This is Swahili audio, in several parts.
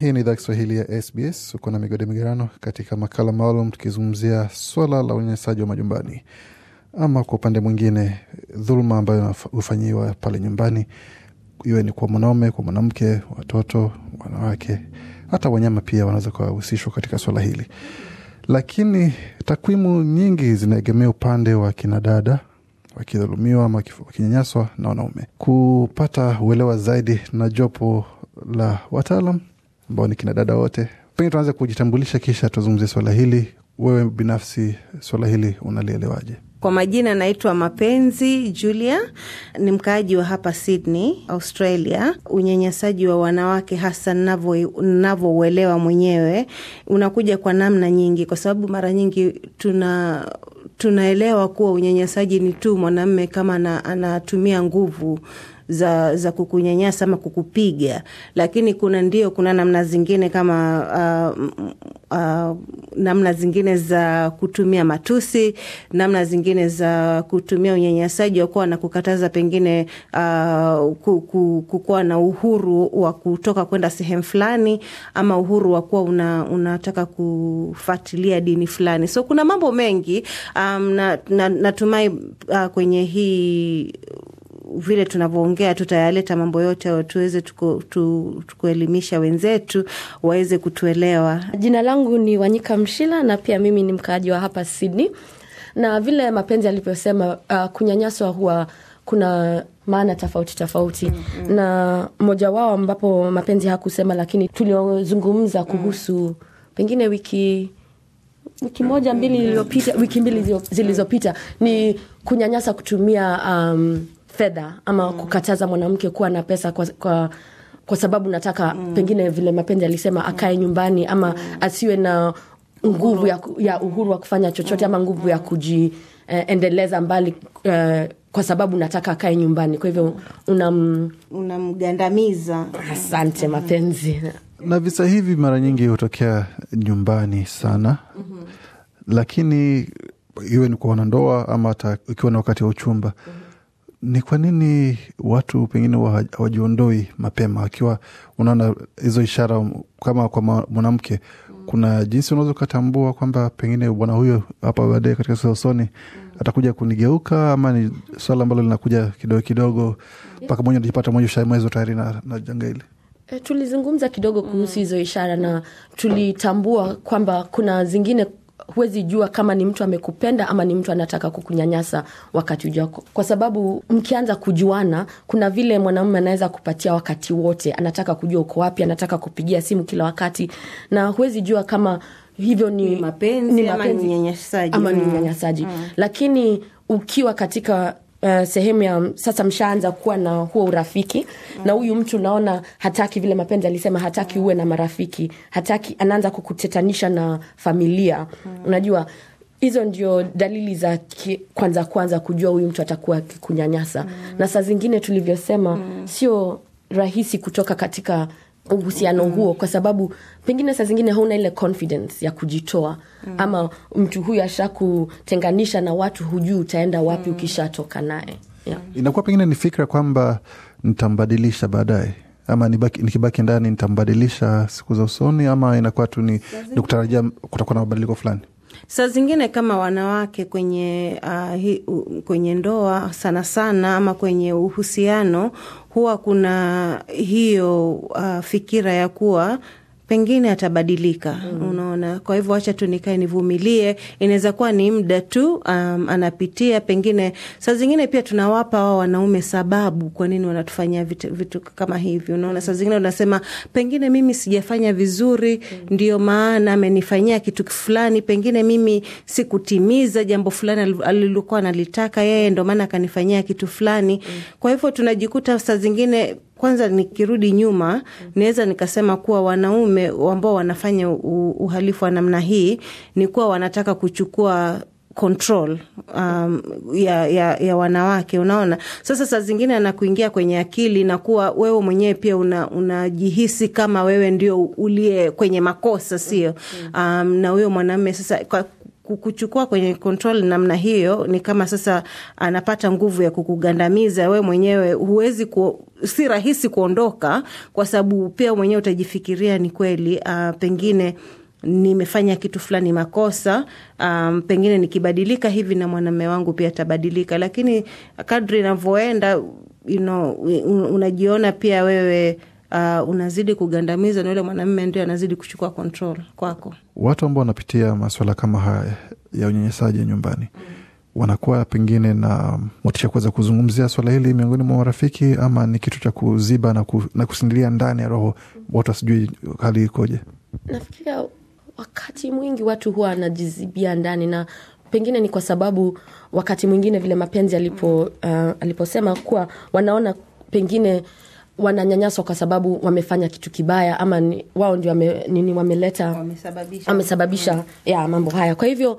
Hii ni idhaa Kiswahili ya SBS. Uko na migode migerano katika makala maalum tukizungumzia swala la unyanyasaji wa majumbani, ama kwa upande mwingine dhuluma ambayo hufanyiwa pale nyumbani, iwe ni kwa mwanaume, kwa mwanamke, watoto, wanawake, hata wanyama pia wanaweza kuwahusishwa katika swala hili. Lakini takwimu nyingi zinaegemea upande wa kinadada wakidhulumiwa ama wakinyanyaswa na wanaume. Kupata uelewa zaidi na jopo la wataalam ambao ni kina dada wote. Pengine tuanze kujitambulisha, kisha tuzungumzie swala hili. Wewe binafsi swala hili unalielewaje? Kwa majina naitwa Mapenzi Julia, ni mkaaji wa hapa Sydney, Australia. Unyanyasaji wa wanawake hasa ninavyouelewa mwenyewe unakuja kwa namna nyingi, kwa sababu mara nyingi tuna tunaelewa kuwa unyanyasaji ni tu mwanamme kama anatumia nguvu za, za kukunyanyasa ama kukupiga, lakini kuna ndio, kuna namna zingine kama uh, mm, uh, namna zingine za kutumia matusi, namna zingine za kutumia unyanyasaji wa kuwa na kukataza pengine uh, kukuwa na uhuru wa kutoka kwenda sehemu fulani ama uhuru wa kuwa una, unataka kufuatilia dini fulani. So kuna mambo mengi um, na, na, natumai uh, kwenye hii vile tunavyoongea tutayaleta mambo yote, tuweze tukuelimisha tuku, wenzetu waweze kutuelewa. Jina langu ni Wanyika Mshila na pia mimi ni mkaaji wa hapa Sydney, na vile Mapenzi alivyosema, uh, kunyanyaswa huwa kuna maana tofauti tofauti mm -hmm. na mmoja wao ambapo Mapenzi hakusema lakini tuliozungumza kuhusu mm -hmm. pengine wiki wiki moja mbili mm. iliyopita, wiki mbili zilizopita ni kunyanyasa kutumia um, fedha ama mm. kukataza mwanamke kuwa na pesa kwa, kwa kwa sababu nataka mm. pengine vile mapenzi alisema akae mm. nyumbani ama mm. asiwe na nguvu ya, ya uhuru wa kufanya chochote mm. ama nguvu ya mm. kujiendeleza eh, mbali eh, kwa sababu nataka akae nyumbani kwa hivyo mm. unam... unamgandamiza asante mapenzi na visa hivi mara nyingi hutokea nyumbani sana mm-hmm. lakini iwe ni kwa wanandoa ama hata ukiwa na wakati wa uchumba mm-hmm ni kwa nini watu pengine hawajiondoi mapema, akiwa unaona hizo ishara kama kwa mwanamke kuna jinsi unaweza ukatambua kwamba pengine bwana huyo hapa baadaye katika sosoni mm. atakuja kunigeuka, ama ni swala ambalo linakuja kidogo kidogo mpaka mwenye unajipata mwenye ushamwezo tayari na, na janga hili? E, tulizungumza kidogo kuhusu hizo ishara na tulitambua kwamba kuna zingine huwezi jua kama ni mtu amekupenda ama ni mtu anataka kukunyanyasa wakati ujako, kwa sababu mkianza kujuana, kuna vile mwanamume anaweza kupatia wakati wote, anataka kujua uko wapi, anataka kupigia simu kila wakati, na huwezi jua kama hivyo ni, ni mapenzi, ni mapenzi ama ni unyanyasaji mm. Mm. Lakini ukiwa katika uh, sehemu ya sasa mshaanza kuwa na huo urafiki mm. na huyu mtu naona hataki vile mapenzi alisema hataki mm. uwe na marafiki hataki anaanza kukutetanisha na familia mm. unajua hizo ndio dalili za ki, kwanza kwanza kujua huyu mtu atakuwa akikunyanyasa mm. na saa zingine tulivyosema mm. sio rahisi kutoka katika uhusiano huo kwa sababu pengine saa zingine hauna ile confidence ya kujitoa mm. ama mtu huyu ashakutenganisha na watu hujuu utaenda wapi mm. ukishatoka naye yeah. inakuwa pengine ni fikra kwamba nitambadilisha baadaye ama nikibaki ndani nitambadilisha siku za usoni ama inakuwa tu ni kutarajia kutakuwa na mabadiliko fulani saa zingine kama wanawake kwenye uh, hi, uh, kwenye ndoa sana sana ama kwenye uhusiano huwa kuna hiyo uh, fikira ya kuwa pengine atabadilika mm. Unaona, kwa hivyo acha tu nikae nivumilie, inaweza kuwa ni muda tu um, anapitia. Pengine saa zingine pia tunawapa wao wanaume sababu kwa nini wanatufanyia vitu, vitu kama hivi. Unaona, saa zingine unasema pengine mimi sijafanya vizuri mm. Ndio maana amenifanyia kitu fulani, pengine mimi sikutimiza jambo fulani alilokuwa analitaka yeye, ndio maana akanifanyia kitu fulani mm. Kwa hivyo tunajikuta saa zingine kwanza nikirudi nyuma naweza nikasema kuwa wanaume ambao wanafanya uhalifu wa namna hii ni kuwa wanataka kuchukua control um, ya, ya, ya wanawake. Unaona, sasa saa zingine anakuingia kwenye akili na kuwa wewe mwenyewe pia unajihisi una kama wewe ndio uliye kwenye makosa, sio? Mm. Um, na huyo mwanaume sasa kukuchukua kwenye control namna hiyo, ni kama sasa anapata nguvu ya kukugandamiza we mwenyewe. Huwezi ku, si rahisi kuondoka, kwa sababu pia mwenyewe utajifikiria ni kweli, uh, pengine nimefanya kitu fulani makosa, um, pengine nikibadilika hivi na mwanamme wangu pia atabadilika. Lakini kadri inavyoenda you know, unajiona pia wewe uh, unazidi kugandamiza na yule mwanamume ndio anazidi kuchukua kontrol kwako. Watu ambao wanapitia maswala kama haya ya unyanyasaji nyumbani wanakuwa pengine na motisha kuweza kuzungumzia swala hili miongoni mwa marafiki, ama ni kitu cha kuziba na, ku, na kusindilia ndani ya roho, watu wasijui hali ikoje? Nafikiria wakati mwingi watu huwa wanajizibia ndani, na pengine ni kwa sababu wakati mwingine vile mapenzi alipo, uh, aliposema kuwa wanaona pengine wananyanyaswa kwa sababu wamefanya kitu kibaya ama ni, wao ndio wame, nini wameleta wamesababisha, wamesababisha ya mambo haya kwa hivyo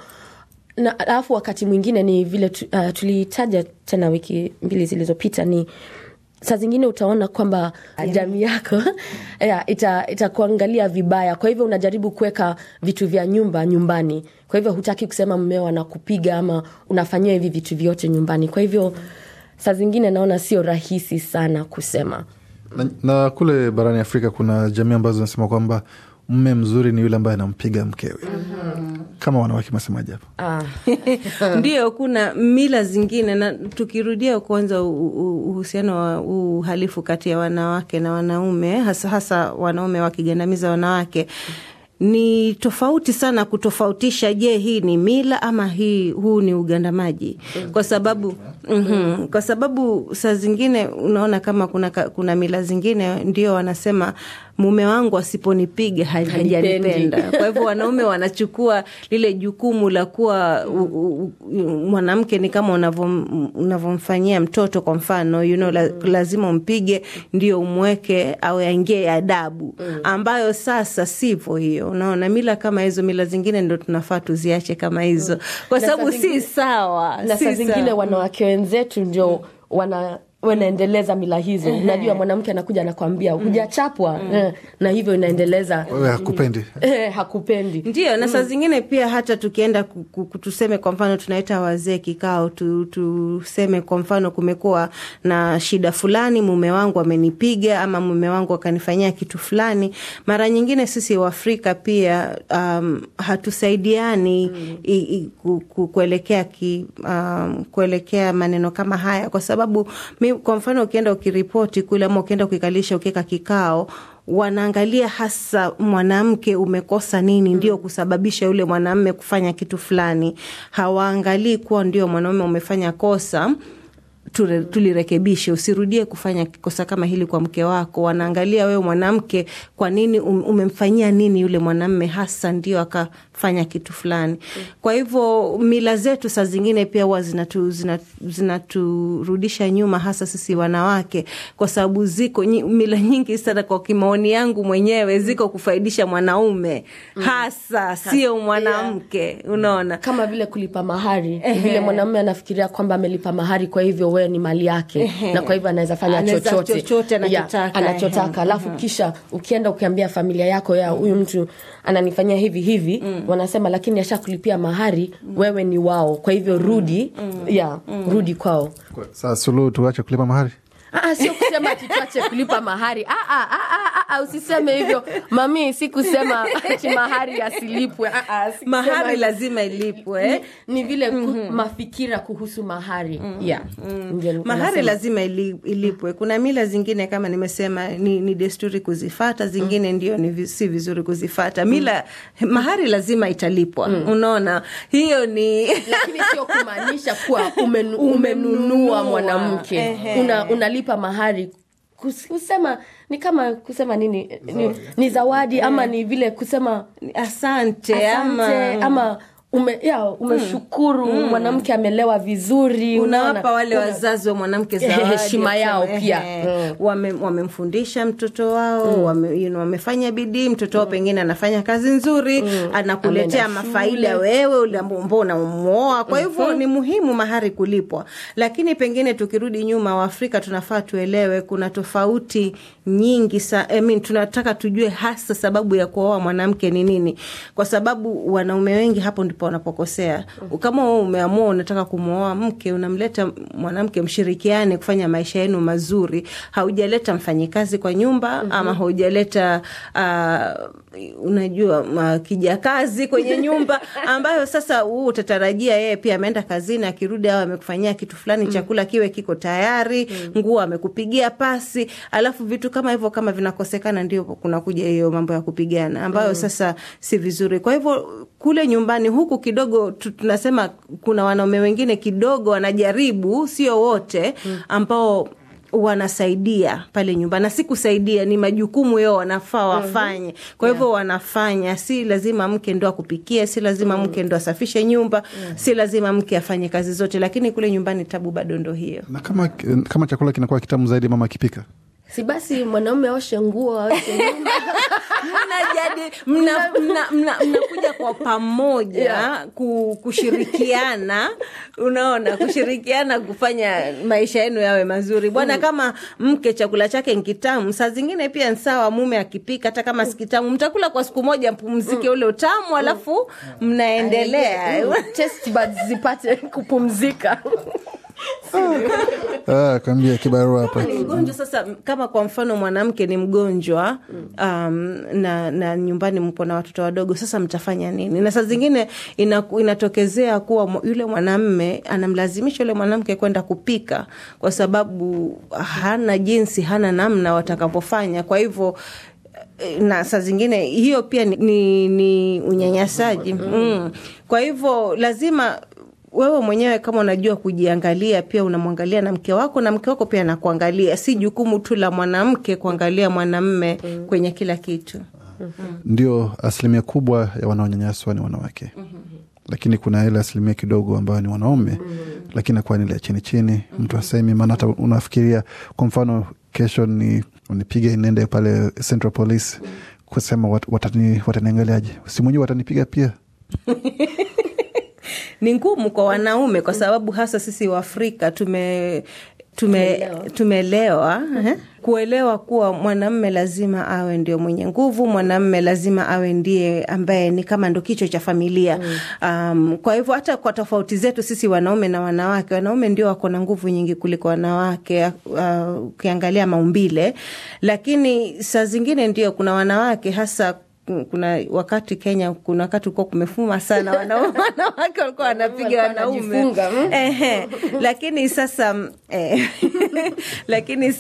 alafu wakati mwingine ni vile tu, uh, tulitaja tena wiki mbili zilizopita ni saa zingine utaona kwamba jamii yako yeah, itakuangalia ita, vibaya kwa hivyo unajaribu kuweka vitu vya nyumba nyumbani kwa hivyo hutaki kusema mmeo anakupiga ama unafanyia hivi vitu vyote nyumbani kwa hivyo saa zingine naona sio rahisi sana kusema na, na kule barani Afrika kuna jamii ambazo zinasema kwamba mme mzuri ni yule ambaye anampiga mkewe. mm-hmm. Kama wanawake masemaji hapo? Ah. Ndio, kuna mila zingine, na tukirudia kwanza uhusiano wa uhalifu kati ya wanawake na wanaume, hasa hasa wanaume wakigandamiza wanawake mm-hmm ni tofauti sana kutofautisha, je, hii ni mila ama hii huu ni ugandamaji? Kwa sababu mm-hmm, kwa sababu saa zingine unaona kama kuna, kuna mila zingine ndio wanasema mume wangu asiponipiga hajanipenda. Kwa hivyo wanaume wanachukua lile jukumu la kuwa mwanamke ni kama unavyomfanyia mtoto kwa mfano, you know, la, mm. lazima umpige ndio umweke au aingie adabu mm. ambayo sasa sivyo hiyo. Unaona, mila kama hizo, mila zingine ndo tunafaa tuziache kama hizo, mm. kwa sababu si sawa. Na saa zingine wanawake wenzetu ndio wana unaendeleza mila hizo mm -hmm. Unajua, mwanamke anakuja anakwambia hujachapwa mm -hmm. na hivyo inaendeleza hakupendi eh, hakupendi, ndio na mm. saa mm -hmm. zingine pia hata tukienda tuseme, kwa mfano tunaita wazee kikao, tuseme kwa mfano kumekuwa na shida fulani, mume wangu amenipiga ama mume wangu akanifanyia kitu fulani. Mara nyingine sisi Waafrika pia um, hatusaidiani mm -hmm. kuelekea um, maneno kama haya kwa sababu mi kwa mfano ukienda ukiripoti kule ama ukienda kuikalisha ukiweka kikao wanaangalia hasa mwanamke umekosa nini, mm. ndio kusababisha yule mwanamme kufanya kitu fulani. Hawaangalii kuwa ndio mwanaume umefanya kosa tulirekebishe, usirudie kufanya kosa kama hili kwa mke wako. Wanaangalia wewe mwanamke, kwa nini um, umemfanyia nini yule mwanamme, hasa ndio akafanya kitu fulani. Kwa hivyo mila zetu saa zingine pia huwa zinaturudisha zinatu, nyuma, hasa sisi wanawake, kwa sababu ziko mila nyingi sana, kwa kimaoni yangu mwenyewe, ziko kufaidisha mwanaume mm. hasa, sio mwanamke. Unaona, kama vile kulipa mahari, vile mwanamume anafikiria kwamba amelipa mahari, kwa hivyo we ambayo ni mali yake na kwa hivyo anaweza fanya chochote anachotaka alafu kisha ukienda ukiambia familia yako ya huyu mtu ananifanyia hivi hivi mm. wanasema lakini ashakulipia mahari mm. wewe ni wao kwa hivyo mm. rudi mm. ya mm. rudi kwao sasa suluhu tuache kulipa mahari ah, sio kusema tutache kulipa mahari aa, ah, aa, ah, aa, usiseme hivyo mami, sikusema ati mahari asilipwe. Ah, ah, si mahari lazima ilipwe mm-hmm. ni, vile mm -hmm. mafikira kuhusu mahari mm -hmm. yeah. mm -hmm. mahari lazima ilipwe. Kuna mila zingine kama nimesema ni, ni desturi kuzifata, zingine mm -hmm. ndio ni si vizuri kuzifata mm. mila. mm -hmm. mahari lazima italipwa. mm -hmm. Unaona, hiyo ni lakini sio kumaanisha kuwa umenunua mwanamke, unalipa una mahari kusema ni kama kusema nini ni, ni zawadi ama eh. ni vile kusema asante, asante ama, ama ume, ya, umeshukuru mm. mwanamke amelewa vizuri unawapa wale una... wazazi wa mwanamke heshima yao pia mm. wamemfundisha wame mtoto wao mm. wame, you know, wamefanya bidii mtoto wao mm. pengine anafanya kazi nzuri mm. anakuletea mafaida wewe uliambao unamwoa kwa hmm. hivyo mm. ni muhimu mahari kulipwa lakini pengine tukirudi nyuma waafrika tunafaa tuelewe kuna tofauti nyingi sa, I mean, tunataka tujue hasa sababu ya kuoa mwanamke ni nini kwa sababu wanaume wengi hapo ndipo wanapokosea. Kama wewe umeamua unataka kumwoa mke, unamleta mwanamke, mshirikiane kufanya maisha yenu mazuri. Haujaleta mfanyikazi kwa nyumba mm -hmm. ama haujaleta uh, unajua kija kazi kwenye nyumba ambayo sasa huu utatarajia yeye pia ameenda kazini, akirudi au amekufanyia kitu fulani mm chakula kiwe kiko tayari mm nguo amekupigia pasi, alafu vitu kama hivyo kama vinakosekana, ndio kunakuja hiyo mambo ya kupigana ambayo mm sasa si vizuri. Kwa hivyo kule nyumbani huku huku kidogo tunasema kuna wanaume wengine kidogo wanajaribu, sio wote hmm. ambao wanasaidia pale nyumba, na si kusaidia, ni majukumu yao wanafaa hmm. wafanye. Kwa hivyo yeah, wanafanya. Si lazima mke ndo akupikie, si lazima mm, mke ndo asafishe nyumba yeah, si lazima mke afanye kazi zote, lakini kule nyumbani tabu bado ndo hiyo. Na kama, kama chakula kinakuwa kitamu zaidi mama akipika si basi mwanaume aoshe nguo mnakuja kwa pamoja yeah. kushirikiana unaona kushirikiana kufanya maisha yenu yawe mazuri bwana mm. kama mke chakula chake nkitamu saa zingine pia nsawa mume akipika hata kama sikitamu mtakula kwa siku moja mpumzike mm. ule utamu alafu mm. mnaendelea mm. zipate kupumzika ah, ah kaambia kibarua hapa ni mgonjwa sasa. Kama kwa mfano mwanamke ni mgonjwa um, na, na nyumbani mpo na watoto wadogo, sasa mtafanya nini? Na saa zingine ina, inatokezea kuwa yule mwanamme anamlazimisha yule mwanamke kwenda kupika kwa sababu hana jinsi, hana namna watakapofanya. Kwa hivyo eh, na saa zingine hiyo pia ni, ni, ni unyanyasaji mm. mm. Kwa hivyo lazima wewe mwenyewe kama unajua kujiangalia, pia unamwangalia na mke wako, na mke wako pia anakuangalia. Si jukumu tu la mwanamke kuangalia mwanamme mm. kwenye kila kitu mm -hmm. Ndio asilimia kubwa ya wanaonyanyaswa ni wanawake mm -hmm. Lakini kuna ile asilimia kidogo ambayo ni wanaume mm -hmm. Lakini akuwa nile chini chini mm -hmm. Mtu mm-hmm. asemi, maana hata unafikiria kwa mfano kesho ni nipige nende pale Central Police mm-hmm. kusema wat, wataniangaliaje, si mwenyewe watanipiga pia ni ngumu kwa wanaume, kwa sababu hasa sisi Waafrika tume tume tumelewa eh? kuelewa kuwa mwanamme lazima awe ndio mwenye nguvu, mwanamme lazima awe ndiye ambaye ni kama ndo kichwa cha familia mm. Um, kwa hivyo hata kwa tofauti zetu sisi wanaume na wanawake, wanaume ndio wako na nguvu nyingi kuliko wanawake uh, ukiangalia uh, maumbile, lakini saa zingine ndio kuna wanawake hasa kuna wakati Kenya, kuna wakati ulikuwa kumefuma sana, wanawake walikuwa wanapiga wanaume hmm? lakini sasa eh, lakini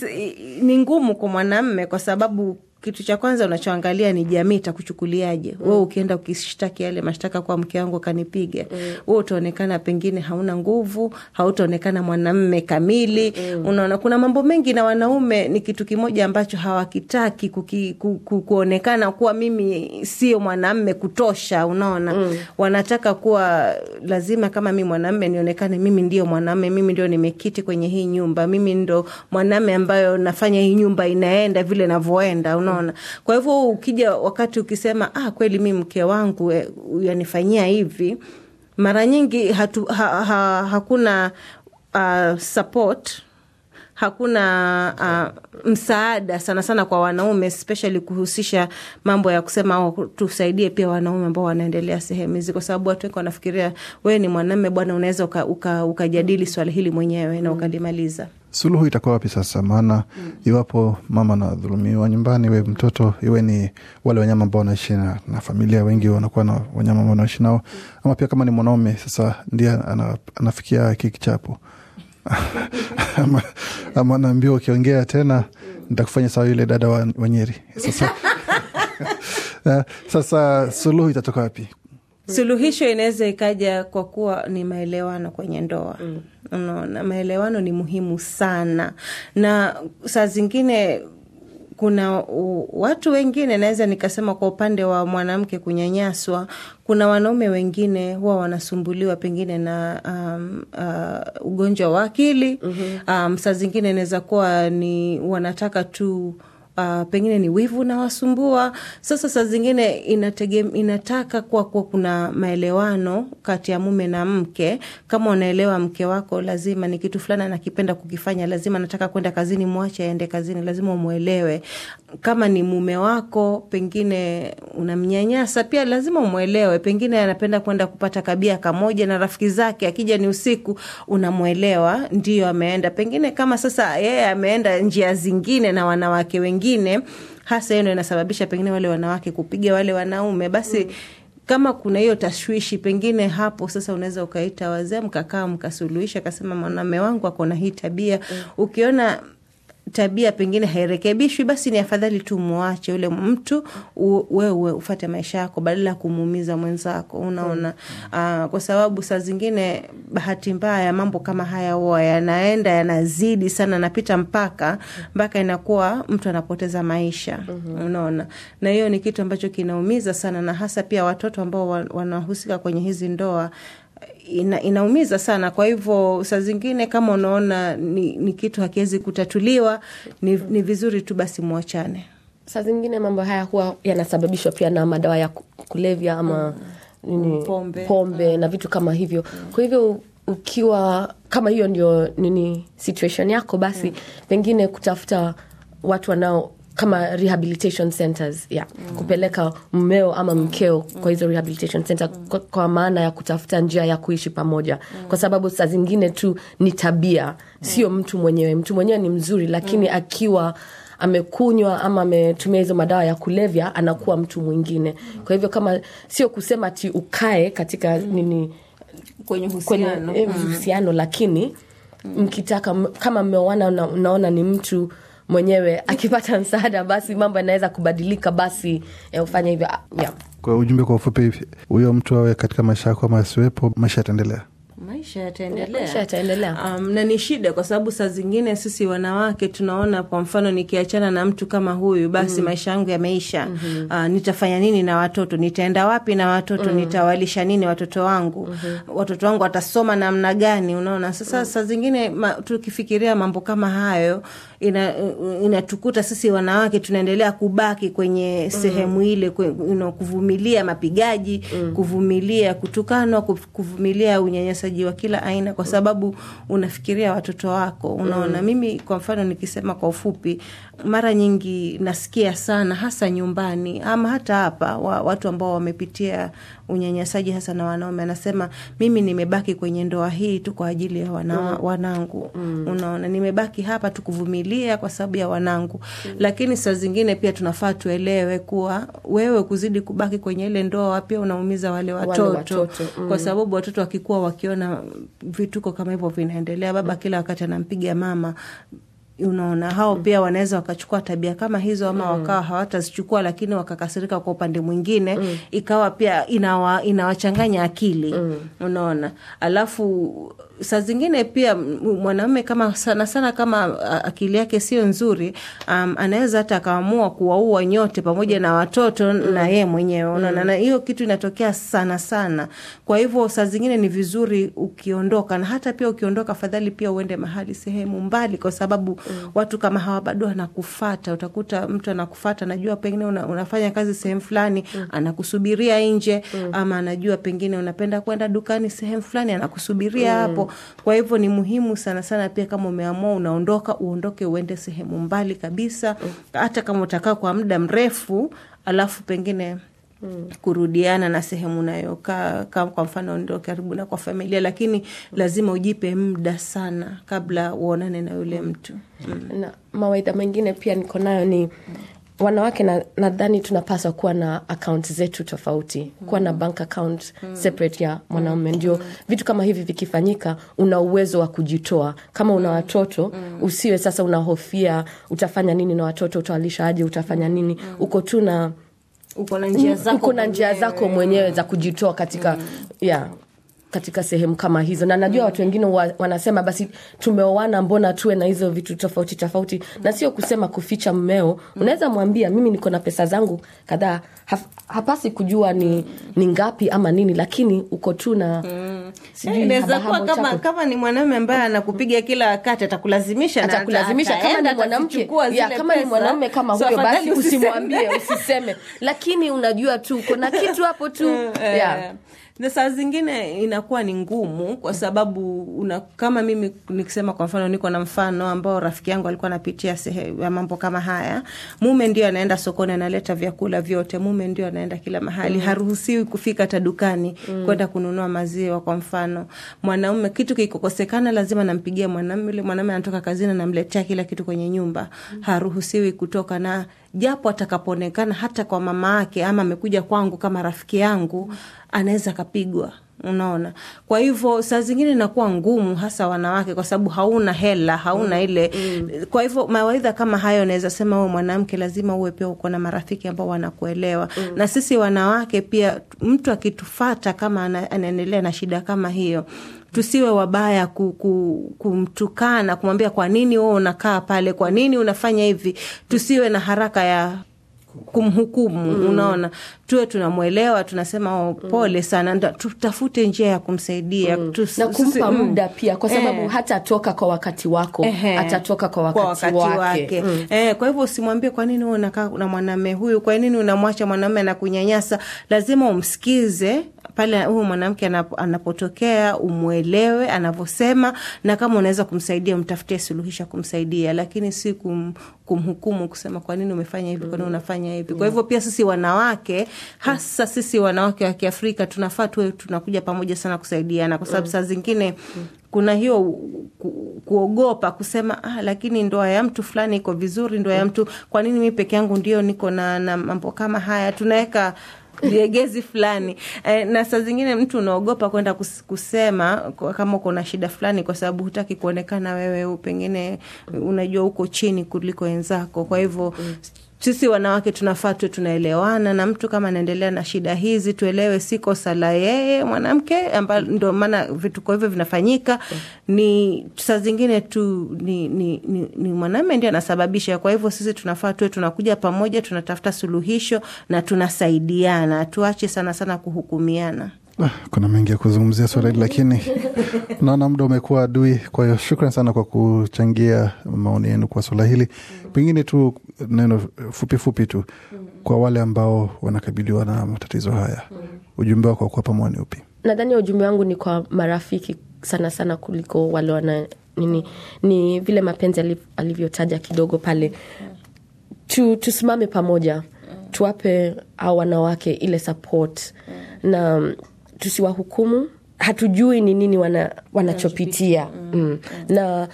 ni ngumu kwa mwanamme kwa sababu kitu cha kwanza unachoangalia ni jamii itakuchukuliaje mm. We ukienda ukishtaki yale mashtaka kuwa mke wangu akanipiga mm. We utaonekana pengine hauna nguvu, hautaonekana mwanamme kamili mm. Unaona, kuna mambo mengi na wanaume ni kitu kimoja ambacho hawakitaki kuki, ku, ku, kuonekana kuwa mimi sio mwanamme kutosha. Unaona mm. Wanataka kuwa lazima kama mi mwanamme nionekane mimi ndio mwanamme, mimi ndio nimekiti kwenye hii nyumba, mimi ndo mwanamme ambayo nafanya hii nyumba inaenda vile navyoenda unaona. Kwa hivyo ukija wakati ukisema ah, kweli mi mke wangu eh, yanifanyia hivi, mara nyingi hatu, ha, ha, hakuna uh, support hakuna uh, msaada sana sana kwa wanaume especially kuhusisha mambo ya kusema oh, tusaidie pia wanaume ambao wanaendelea sehemu hizi, kwa sababu watu wengi wanafikiria wewe ni mwanaume bwana, unaweza ukajadili uka, uka swala hili mwenyewe na mm. ukalimaliza suluhu itakuwa wapi sasa? Maana mm. iwapo mama anadhulumiwa nyumbani, we mtoto, iwe ni wale wanyama ambao wanaishi na, na familia, wengi wanakuwa na wanyama ambao wanaishi nao mm. ama pia kama ni mwanaume sasa ndiye ana, anafikia hiki kichapo ama, ama naambiwa ukiongea tena mm. nitakufanya sawa yule dada wa, wa Nyeri. Sasa, eh, sasa suluhu itatoka wapi? Suluhisho inaweza ikaja kwa kuwa ni maelewano kwenye ndoa mm unaona maelewano ni muhimu sana na saa zingine kuna watu wengine naweza nikasema kwa upande wa mwanamke kunyanyaswa kuna wanaume wengine huwa wanasumbuliwa pengine na um, uh, ugonjwa wa akili mm-hmm. um, saa zingine inaweza kuwa ni wanataka tu uh, pengine ni wivu unawasumbua. Sasa saa zingine inatege, inataka kuwa kuwa kuna maelewano kati ya mume na mke. Kama unaelewa mke wako, lazima ni kitu fulani anakipenda kukifanya, lazima anataka kwenda kazini, mwache aende kazini, lazima umwelewe. Kama ni mume wako, pengine unamnyanyasa pia, lazima umwelewe. Pengine anapenda kwenda kupata kabia kamoja na rafiki zake, akija ni usiku, unamwelewa, ndio ameenda. Pengine kama sasa yeye yeah, ameenda njia zingine na wanawake wengine pengine hasa hiyo inasababisha pengine wale wanawake kupiga wale wanaume basi mm kama kuna hiyo tashwishi pengine hapo sasa, unaweza ukaita wazee mkakaa mkasuluhisha, akasema mwanaume wangu akona hii tabia mm. Ukiona tabia pengine hairekebishwi, basi ni afadhali tu muache ule mtu wewe ufate maisha yako, badala ya kumuumiza mwenzako. Unaona mm. Ah, kwa sababu saa zingine bahati mbaya mambo kama haya huwa yanaenda yanazidi sana, napita mpaka mpaka inakuwa mtu anapoteza maisha mm -hmm. Unaona, na hiyo ni kitu ambacho kinaumiza sana, na hasa pia watoto ambao wanahusika kwenye hizi ndoa ina, inaumiza sana. Kwa hivyo saa zingine kama unaona ni, ni kitu hakiwezi kutatuliwa, ni, ni vizuri tu basi mwachane. Saa zingine mambo haya huwa yanasababishwa pia na madawa ya kulevya ama mm. nini, pombe, pombe na vitu kama hivyo. Mm. Kwa hivyo ukiwa kama hiyo ndio nini situation yako, basi mm. pengine kutafuta watu wanao kama rehabilitation centers yeah. mm. kupeleka mmeo ama mkeo mm. kwa hizo rehabilitation center mm. kwa, kwa maana ya kutafuta njia ya kuishi pamoja mm. kwa sababu saa zingine tu ni tabia mm. sio mtu mwenyewe mtu mwenyewe ni mzuri lakini mm. akiwa amekunywa ama ametumia hizo madawa ya kulevya anakuwa mtu mwingine mm. kwa hivyo kama sio kusema ti ukae katika mm. nini kwenye uhusiano mm. lakini mm. mkitaka kama mmeoana unaona ni mtu mwenyewe akipata msaada basi mambo yanaweza kubadilika basi eh, ufanye hivyo yeah. kwa ujumbe kwa ufupi huyo mtu awe katika maisha yako ama asiwepo maisha yataendelea maisha yataendelea, maisha yataendelea. Um, na ni shida kwa sababu saa zingine sisi wanawake tunaona, kwa mfano nikiachana na mtu kama huyu basi mm. maisha yangu yameisha. mm -hmm. Uh, nitafanya nini na watoto? Nitaenda wapi na watoto? mm -hmm. Nitawalisha nini watoto wangu? mm -hmm. Watoto wangu watasoma namna gani? Unaona sasa, mm -hmm. saa zingine ma, tukifikiria mambo kama hayo ina, inatukuta sisi wanawake tunaendelea kubaki kwenye mm. sehemu mm. ile kwe, you know, kuvumilia mapigaji mm. kuvumilia kutukanwa, kuvumilia unyanyasaji wa wa kila aina, kwa sababu unafikiria watoto wako, unaona mm. Mimi kwa mfano nikisema kwa ufupi, mara nyingi nasikia sana, hasa nyumbani ama hata hapa wa, watu ambao wamepitia unyanyasaji hasa na wanaume, anasema mimi nimebaki kwenye ndoa hii tu kwa ajili ya wana, mm. wanangu mm. Unaona, nimebaki hapa tukuvumilia kwa sababu ya wanangu mm. Lakini saa zingine pia tunafaa tuelewe kuwa wewe kuzidi kubaki kwenye ile ndoa pia unaumiza wale watoto, wale watoto. Mm. Kwa sababu watoto wakikuwa wakiona vituko kama hivyo vinaendelea. Baba kila wakati anampiga mama unaona hao pia wanaweza wakachukua tabia kama hizo ama mm. wakawa hawatazichukua lakini wakakasirika kwa upande mwingine mm. ikawa pia inawa, inawachanganya akili mm. unaona alafu saa zingine pia mwanaume kama sana sana kama akili yake sio nzuri, um, anaweza hata akaamua kuwaua nyote pamoja na watoto mm. na yeye mwenyewe unaona, mm. na hiyo kitu inatokea sana sana. Kwa hivyo saa zingine ni vizuri ukiondoka, na hata pia ukiondoka, fadhali pia uende mahali sehemu mbali, kwa sababu mm. watu kama hawa bado anakufata. Utakuta mtu anakufata, najua pengine una, unafanya kazi sehemu fulani mm. anakusubiria nje mm. ama anajua pengine unapenda kwenda dukani sehemu fulani anakusubiria mm. hapo mm kwa hivyo ni muhimu sana sana pia, kama umeamua unaondoka, uondoke uende sehemu mbali kabisa, hata kama utakaa kwa muda mrefu, alafu pengine Hmm. kurudiana na sehemu unayokaa kwa mfano ndo karibu na kwa familia, lakini lazima ujipe muda sana kabla uonane na yule mtu hmm. Na mawaidha mengine pia niko nayo ni wanawake nadhani na tunapaswa kuwa na akaunt zetu tofauti kuwa na bank account separate ya mwanaume ndio vitu kama hivi vikifanyika una uwezo wa kujitoa kama una watoto usiwe sasa unahofia utafanya nini na watoto utawalisha aje utafanya nini uko tu na uko na njia zako mwenyewe za kujitoa katika mm. yeah katika sehemu kama hizo na najua mm. watu wengine wa, wanasema basi tumeoana mbona tuwe na hizo vitu tofauti tofauti mm. na sio kusema kuficha mmeo mm. unaweza mwambia mimi niko na pesa zangu kadhaa hapasi kujua ni, mm. ni ngapi ama nini lakini uko tu na mm. Eh, kuwa kama, kama ni mwanaume ambaye anakupiga kila wakati atakulazimisha atakulazimisha kama ni mwanamke kama ni mwanaume kama huyo so, basi usimwambie usiseme lakini unajua tu kuna kitu hapo tu yeah. yeah na saa zingine inakuwa ni ngumu, kwa sababu una, kama mimi nikisema kwa mfano, niko na mfano ambao rafiki yangu alikuwa anapitia ya mambo kama haya. Mume ndio anaenda sokoni, analeta vyakula vyote, mume ndio anaenda kila mahali mm. haruhusiwi kufika hata dukani mm. kwenda kununua maziwa kwa mfano. Mwanaume kitu kikokosekana, lazima nampigia mwanamume. Yule mwanamume anatoka kazini, anamletea kila kitu kwenye nyumba mm. haruhusiwi kutoka na japo atakapoonekana hata kwa mama yake ama amekuja kwangu kama rafiki yangu mm anaweza akapigwa unaona kwa hivyo saa zingine inakuwa ngumu hasa wanawake kwa sababu hauna hela hauna mm, ile mm. kwa hivyo mawaidha kama hayo naweza sema uwe mwanamke lazima uwe pia uko na marafiki ambao wanakuelewa mm. na sisi wanawake pia mtu akitufata kama anaendelea na shida kama hiyo tusiwe wabaya kumtukana ku, kumwambia kwa nini wewe unakaa pale kwa nini unafanya hivi tusiwe na haraka ya kumhukumu mm. Unaona, tuwe tunamwelewa, tunasema oh, mm-hmm. pole sana, tutafute njia ya kumsaidia mm. Mm-hmm. tu, na kumpa muda mm. pia, kwa sababu eh, hatatoka kwa wakati wako eh, atatoka kwa wakati, kwa wakati wake, wake. Mm. Eh, kwa hivyo usimwambie kwa nini unakaa na mwanamume huyu, kwa nini unamwacha mwanamume anakunyanyasa. Lazima umsikize pale huyu mwanamke anapotokea, umwelewe anavyosema, na kama unaweza kumsaidia, mtafutie suluhisha kumsaidia, lakini si kum, kumhukumu kusema kwa nini umefanya hivi, kwa nini mm. unafanya hivi. Kwa mm. hivyo pia sisi wanawake, mm. hasa sisi wanawake wa Kiafrika tunafaa tuwe tunakuja pamoja sana kusaidiana, kwa sababu saa zingine kuna hiyo kuogopa kusema ah, lakini ndoa ya mtu fulani iko vizuri, ndoa ya mtu, kwa nini mi peke yangu ndio niko na, na mambo kama haya tunaweka viegezi fulani e, na saa zingine mtu unaogopa kwenda kusema kama uko na shida fulani, kwa sababu hutaki kuonekana wewe pengine unajua uko chini kuliko wenzako, kwa hivyo mm sisi wanawake tunafaa tuwe tunaelewana, na mtu kama anaendelea na shida hizi tuelewe, si kosa la yeye mwanamke, ambayo ndo maana vituko hivyo vinafanyika. Ni saa zingine tu ni, ni, ni, ni mwanaume ndio anasababisha. Kwa hivyo sisi tunafaa tuwe tunakuja pamoja, tunatafuta suluhisho na tunasaidiana, tuache sana sana kuhukumiana. Kuna mengi ya kuzungumzia swala hili, lakini naona muda umekuwa adui. Kwa hiyo shukran sana kwa kuchangia maoni yenu kwa swala hili. Pengine tu neno fupifupi fupi tu mm. kwa wale ambao wanakabiliwa na matatizo haya, mm. ujumbe wako kwa pamoja ni upi? Nadhani ujumbe wangu ni kwa marafiki sana sana kuliko wale wana nini, ni vile mapenzi alivyotaja kidogo pale tu, tusimame pamoja mm. tuwape au wanawake ile support na tusiwahukumu, hatujui ni nini wana, wanachopitia mm. mm. Mm. na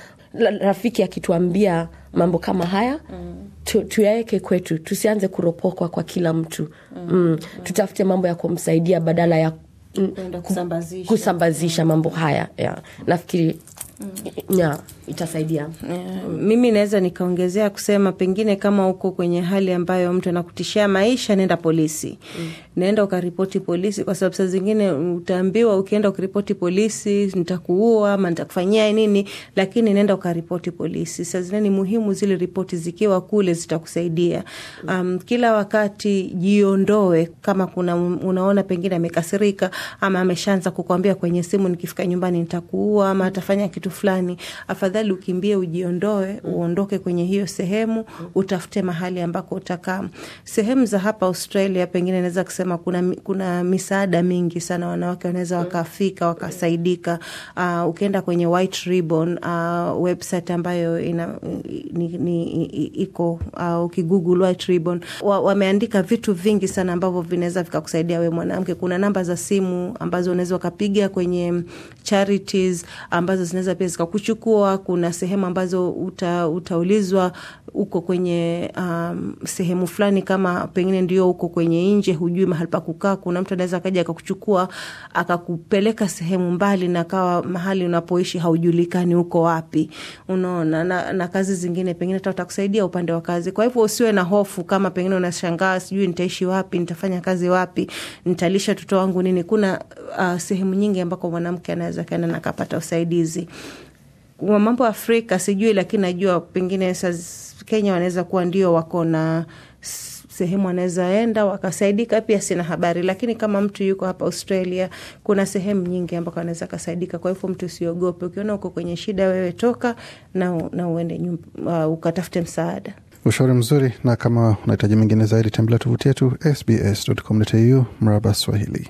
rafiki akituambia mambo kama haya mm. tu, tuyaweke kwetu, tusianze kuropokwa kwa kila mtu mm. Mm. mm. tutafute mambo ya kumsaidia badala ya kusambazisha, kusambazisha mm. mambo haya yeah. Nafikiri mm. yeah, itasaidia yeah. Mm. Mimi naweza nikaongezea kusema pengine kama uko kwenye hali ambayo mtu anakutishia maisha, nenda polisi mm. Naenda ukaripoti polisi, kwa sababu saa zingine utaambiwa ukienda ukiripoti polisi nitakuua ama nitakufanyia nini, lakini naenda ukaripoti polisi. Saa zingine ni muhimu zile ripoti zikiwa kule zitakusaidia. Um, kila wakati jiondoe kama kuna unaona pengine amekasirika ama ameshaanza kukwambia kwenye simu, nikifika nyumbani nitakuua ama atafanya kitu kitu fulani, afadhali ukimbie, ujiondoe, mm. uondoke kwenye hiyo sehemu, utafute mahali ambako utakaa. Sehemu za hapa Australia pengine naweza kusema kuna, kuna misaada mingi sana, wanawake wanaweza mm. wakafika mm. wakasaidika. Uh, ukienda kwenye White Ribbon uh, website ambayo ina, ni, ni, iko uh, ukigoogle White Ribbon wameandika vitu vingi sana ambavyo vinaweza vikakusaidia we mwanamke. Kuna namba za simu ambazo unaweza ukapiga kwenye charities ambazo zinaweza pia zikakuchukua. Kuna sehemu ambazo uta, utaulizwa uko kwenye um, sehemu fulani, kama pengine ndio uko kwenye nje, hujui mahali pa kukaa. Kuna mtu anaweza akaja akakuchukua akakupeleka sehemu mbali, na kawa mahali unapoishi haujulikani uko wapi, unaona na, na kazi zingine pengine hata utakusaidia upande wa kazi. Kwa hivyo usiwe na hofu kama pengine unashangaa, sijui nitaishi wapi, nitafanya kazi wapi, nitalisha watoto wangu nini. Kuna uh, sehemu nyingi ambako mwanamke anaweza kaenda na akapata usaidizi mambo ya Afrika sijui, lakini najua pengine Kenya wanaweza kuwa ndio wako na sehemu wanawezaenda wakasaidika. Pia sina habari, lakini kama mtu yuko hapa Australia, kuna sehemu nyingi ambako anaweza akasaidika. Kwa hivyo mtu usiogope, ukiona uko kwenye shida, wewe toka na, na uende uh, ukatafute msaada. Ushauri mzuri, na kama unahitaji mengine zaidi, tembelea tovuti yetu sbs.com.au mraba Swahili.